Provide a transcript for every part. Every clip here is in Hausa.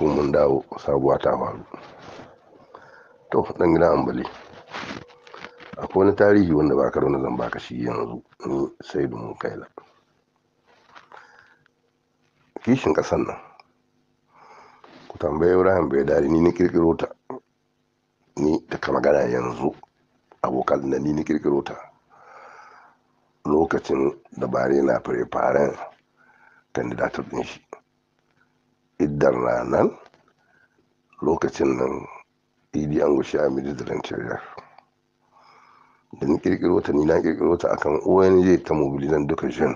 ko mun dawo sabuwa ta faru to dan gida ambali akwai wani tarihi wanda ba karo na zan baka shi yanzu ni sai mun kaila kishin kasan nan ku tambaye Ibrahim bai dari ni ni kirkiro ta ni ta kama gana yanzu abokan da ni ni kirkiro ta lokacin da bare na fare-faren kandidatar din shi idan ranar lokacin nan idi an gushe a rancen ciyar da ni kirkiro ta ni na kirkiro ta akan ong ta mobilizan duka jin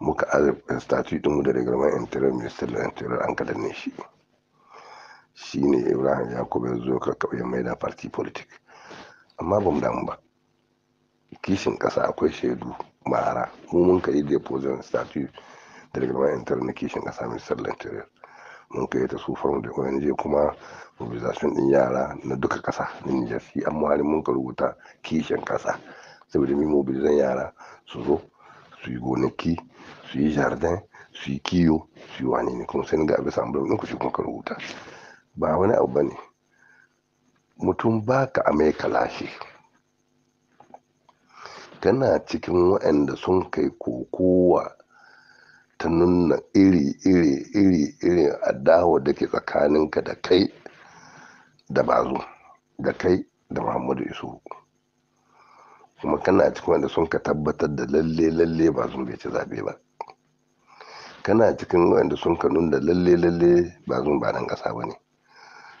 muka arzikin statu mu da rigarman interior minister da interior an kadanne shi ne ibrahim yakubu ya zo ka kaɓe mai da party politic amma ba mu damu ba kishin kasa akwai shaidu mara mu mun kai deposit da girman intar na kishin ƙasa ministar interior mun kai ta su form da ONG kuma mobilization ɗin yara na duka ƙasa na Nijar amma halin mun ka rubuta kishin ƙasa saboda mu mobilizan yara su zo su yi gonaki su yi jardin su yi kiyo su yi wani ne kuma sai ga abin samun ɗin ku shi kuma ka rubuta ba wani abu ba ne mutum ba ka amai lashe kana cikin waɗanda sun kai kokowa ta nuna iri iri iri irin adawa da ke tsakaninka da kai da bazu da kai da muhammadu isu kuma kana cikin wanda sun ka tabbatar da lalle lalle ba zun bai ci zaɓe ba kana cikin wanda sun ka nuna lalle lalle ba zun ba nan ƙasa ba ne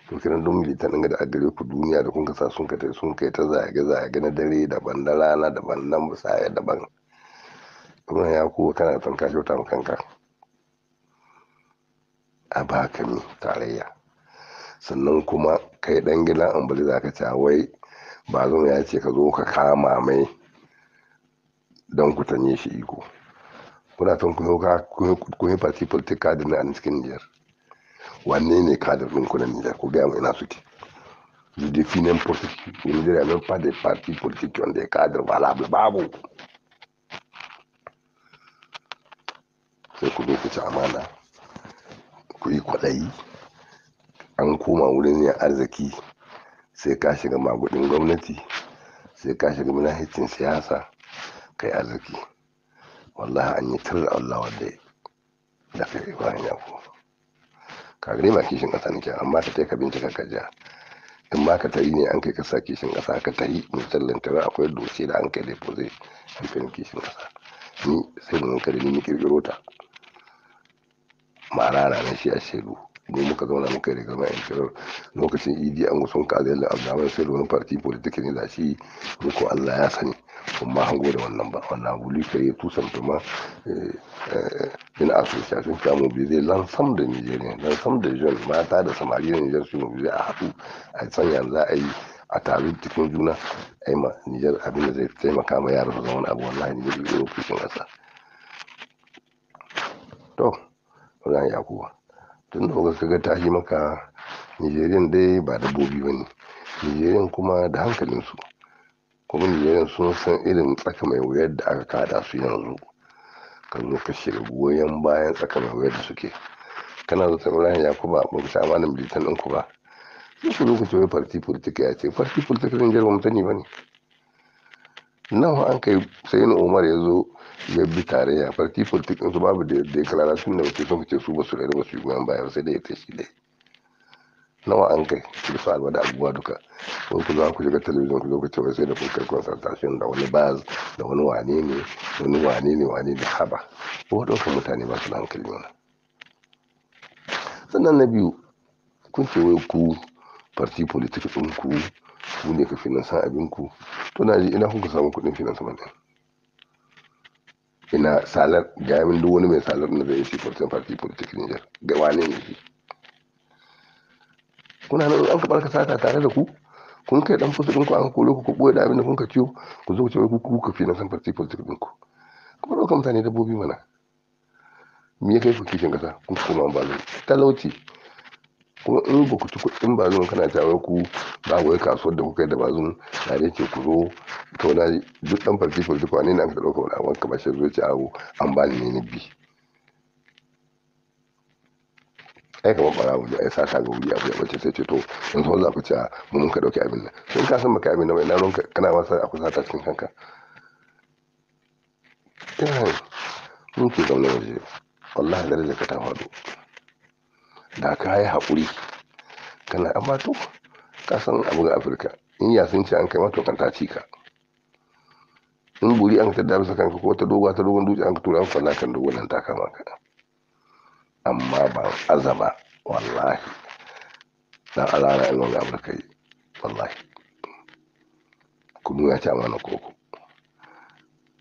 to kiran don militanin da agare ku duniya da kun ka sa sun ka sun kai ta zage zage na dare daban na rana daban nan musaya daban ruwan ya kowa kana da fanka kyauta ma kanka a baka ne tarayya sannan kuma kai dan an bali za ka ce wai ba zan ya ce ka zo ka kama mai don ku tanye shi iko kuna son kuma ka kuma yi party politik kadir na a cikin Nijar wanne ne kadir ɗin na Nijar ku gaya mu ina suke je définis un processus au Niger, il ya a même pas de parti politique qui ont des cadres valables. sai ku zo ku ci amana ku yi kwaɗayi an koma wurin yin arziki sai ka shiga magudin gwamnati sai ka shiga manahicin siyasa kai arziki wallahi an yi tirra Allah wanda da kai Ibrahim Yakubu ka gani ma kishin ƙasa nake amma ka ka bincika ka ja in ma ka tari ne an kai ka sa kishin ƙasa ka tari misalin tara akwai doshe da an kai da zai an kai kishin ƙasa ni sai mun kare ni kirkiro ta Marara na shi a shiru mu muka zauna muka riga ma shirar lokacin idi an gusun ka zai abdaman sai wani parti politiki ne da shi ko Allah ya sani kuma hango da wannan ba wannan buli kai tu santuma eh, eh, in association ta mu bi zai lansam da Nigeria lansam da jiyar mata da samari da nigeria su mu bi a haɗu a san yanzu a yi a taru cikin juna ai ma Niger abin da zai taimaka ma yaran su zama abu wallahi Niger ne ofishin ƙasa to ran yakuba tun da wasu ga tashi maka nigerian dai ba da ba ne nigerian kuma da su, kuma nigerian sun san irin tsaka mai wuyar da aka kada su yanzu ka zo ka shiga goyon bayan tsaka mai wuyar da suke kana zo tsaron ran yakuba ba ku sa amanin bilitan ku ba sai ku lokaci wai party politics ya ce farti politics zan jirgin mutane ba ne nawa an kai sai na umar ya zo ya bi tarayya farti politik su babu da ya kalara sun da wace sun ce su ba su da ba su yi goyon baya sai da ya tashi dai nawa an kai su sa alba da abubuwa duka wani ku za ku shiga talabijin ku lokacin wai sai da kuka consultation da wani baz da wani wane ne wani wane ne wane ne haba ko ɗaukar mutane ba su da hankali mana sannan na biyu kun ce wai ku parti politik ɗin ku ku ne kafin nan san abin ku kuna ji ina kuka samu kudin finance man ɗin ina salar jami'in duk wani mai salar na zai 14 party politik niger ga wani ne shi kuna nan an kabar ka sata tare da ku kun kai dan fusu ɗinku an kolo ku ku ɓoye da abin da kun ka ciwo ku zo ku ce ka ku na san party politik ɗinku kuma ɗaukar mutane dabbobi mana me ya kai ku kishin ƙasa kun kuma ba talauci kuma in ba ku ci ba zan kana cewa ku ba wai kasuwar da kuka yi da ba na da ce ku zo to na duk dan farfi farki ko ne na ka dauka wani wanka ba shi zuci awo an ba ni ne bi ai kamar bara waje ai sa ka ga wuya abu ya bace sai ce to in so za ku ci mun ka dauki abin nan in ka san maka abin nan mai na ronka kana wasa a kusa ta cikin kanka ina mun ke zaune waje wallahi darajar ka ta faɗo da ka yi haƙuri kana amma to ka san abu ga afirka in ya sun ce an kai matokan ta ci ka in buri an ta dabisa kanka ko ta dogon ta dogon dutse an ka tura falla kan dogon nan ta kama ka amma ba azaba wallahi dan alara in wani abu kai wallahi kuma ya ci amana koko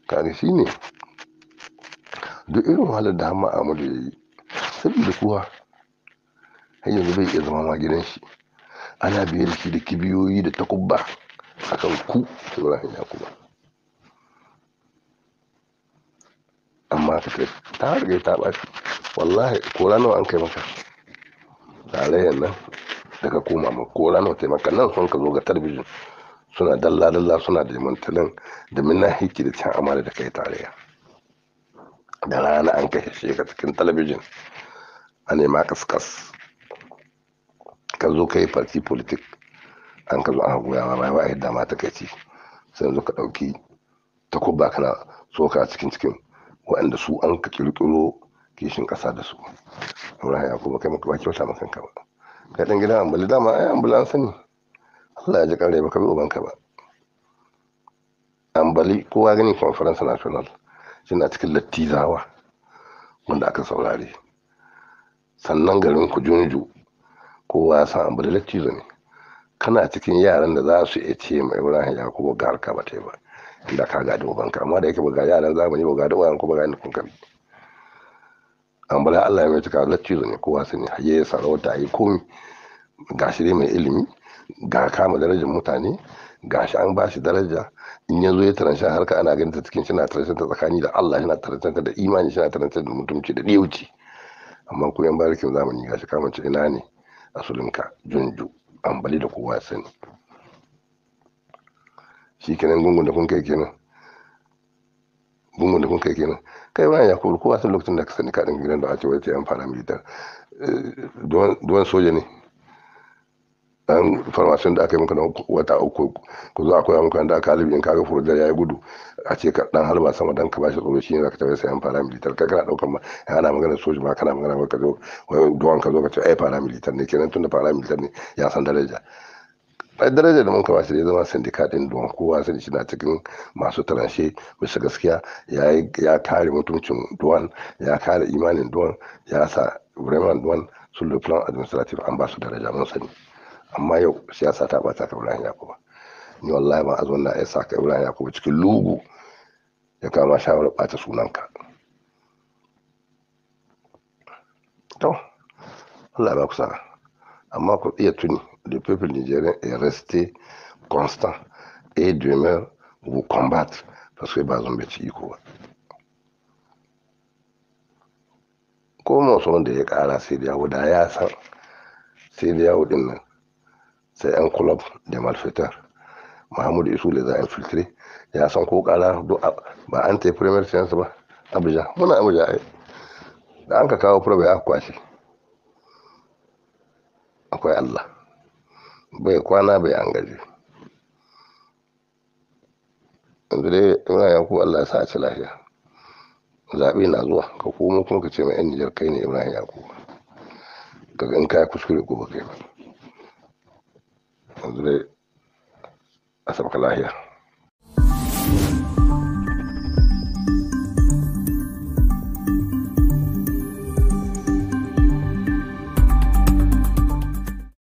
kare shi ne duk irin wahalar da hama amadu ya yi sabida kuwa har yanzu bai iya zama ma gidan shi ana biyar shi da kibiyoyi da takubba akan ku ibrahim yakuba amma ka kai ta riga ta ɓaci wallahi ko nawa an kai maka tarayyar nan da ka koma ma ko nawa ta maka nan sun ka zo ga talabijin suna dalla dalla suna da mantalin da minna hiki da can amana da kai tarayya da rana an kashe shi ka cikin talabijin a nema kaskas ka zo ka yi parti politik an ka zo an goya ma bayan wa'ayi dama ta kai ci sai yanzu ka ɗauki kuba kana soka cikin cikin waɗanda su an ka ƙirƙiro kishin ƙasa da su Ibrahim ya kuma kai maka ba kyauta maka kanka ba kai dan gidan ambali dama ai ambali ne Allah ya ji kare baka bi ubanka ba ambali kowa gani conference national yana cikin lattizawa wanda aka saurare sannan garin ku junju kowa ya san ambalilar cizo ne kana cikin yaran da za su iya ce mai ibrahim yakubu ga harka ba ta ba da ka gadi ubanka amma da yake ba ga yaran zamani ba ga da ubanka kuma ga ni kun kabi bala Allah ya mai cika laccizo ne kowa sani haye ya sarauta yi komi ga shi dai mai ilimi ga kama darajar mutane ga shi an bashi daraja in ya zo ya taransha harka ana ganin ta cikin shina taransha ta tsakani da Allah shina taransha ta da imani shina taransha da mutumci da diyauci amma kuma yan barikin zamani ga shi kamance ina ne a sulimka junju ambali da kowa ya sani shi kenan gungun da kun kai kenan gungun da kun kai kenan kai ba ya kuru kowa sun lokacin da ka sani kaɗin gidan da a ce wai ta yan fara militar eh, duwan soja ne dan farmashin da aka yi maka na wata uku ku zo akwai koya da aka halibin kaga furdar ya yi gudu a ce ka dan halba sama dan ka bashi tsoro ne zaka tafi sayan paramilitar ka kana daukar ma ana magana soji ma kana magana ka zo duwan ka zo ka ce ai paramilitar ne kenan tunda paramilitar ne ya san daraja ai daraja da mun ka bashi da zama sindika din don kowa sun shi na cikin masu taranshe bisa gaskiya ya kare mutuncin duwan ya kare imanin duwan ya sa bremen duwan sun le plan administrative an ba su daraja mun sani amma yau siyasa ta bata ta Ibrahim Yakubu ni wallahi ban azwan na sa ka Ibrahim Yakubu cikin lugu ya kama shawar bata sunanka to Allah ba kusa amma ku iya tuni le peuple nigérien est resté constant et demeure vous combattre parce que bazon be ci ko ko ko masu wanda ya kara sai da yawo da ya san sai da yawo din nan sai yan club da malfitar muhammadu isu da za a infiltre ya san ko kara ba an ta premier science ba abuja muna abuja ai da an ka kawo probe ya kwashe akwai allah bai kwana bai an gaji yanzu dai muna yanku allah ya sa a ci lafiya zaɓe na zuwa ka komo kuma ka ce mai yan nijar kai ne ibrahim yakubu kaga in ka kuskure ko ba kai ba pondré hasta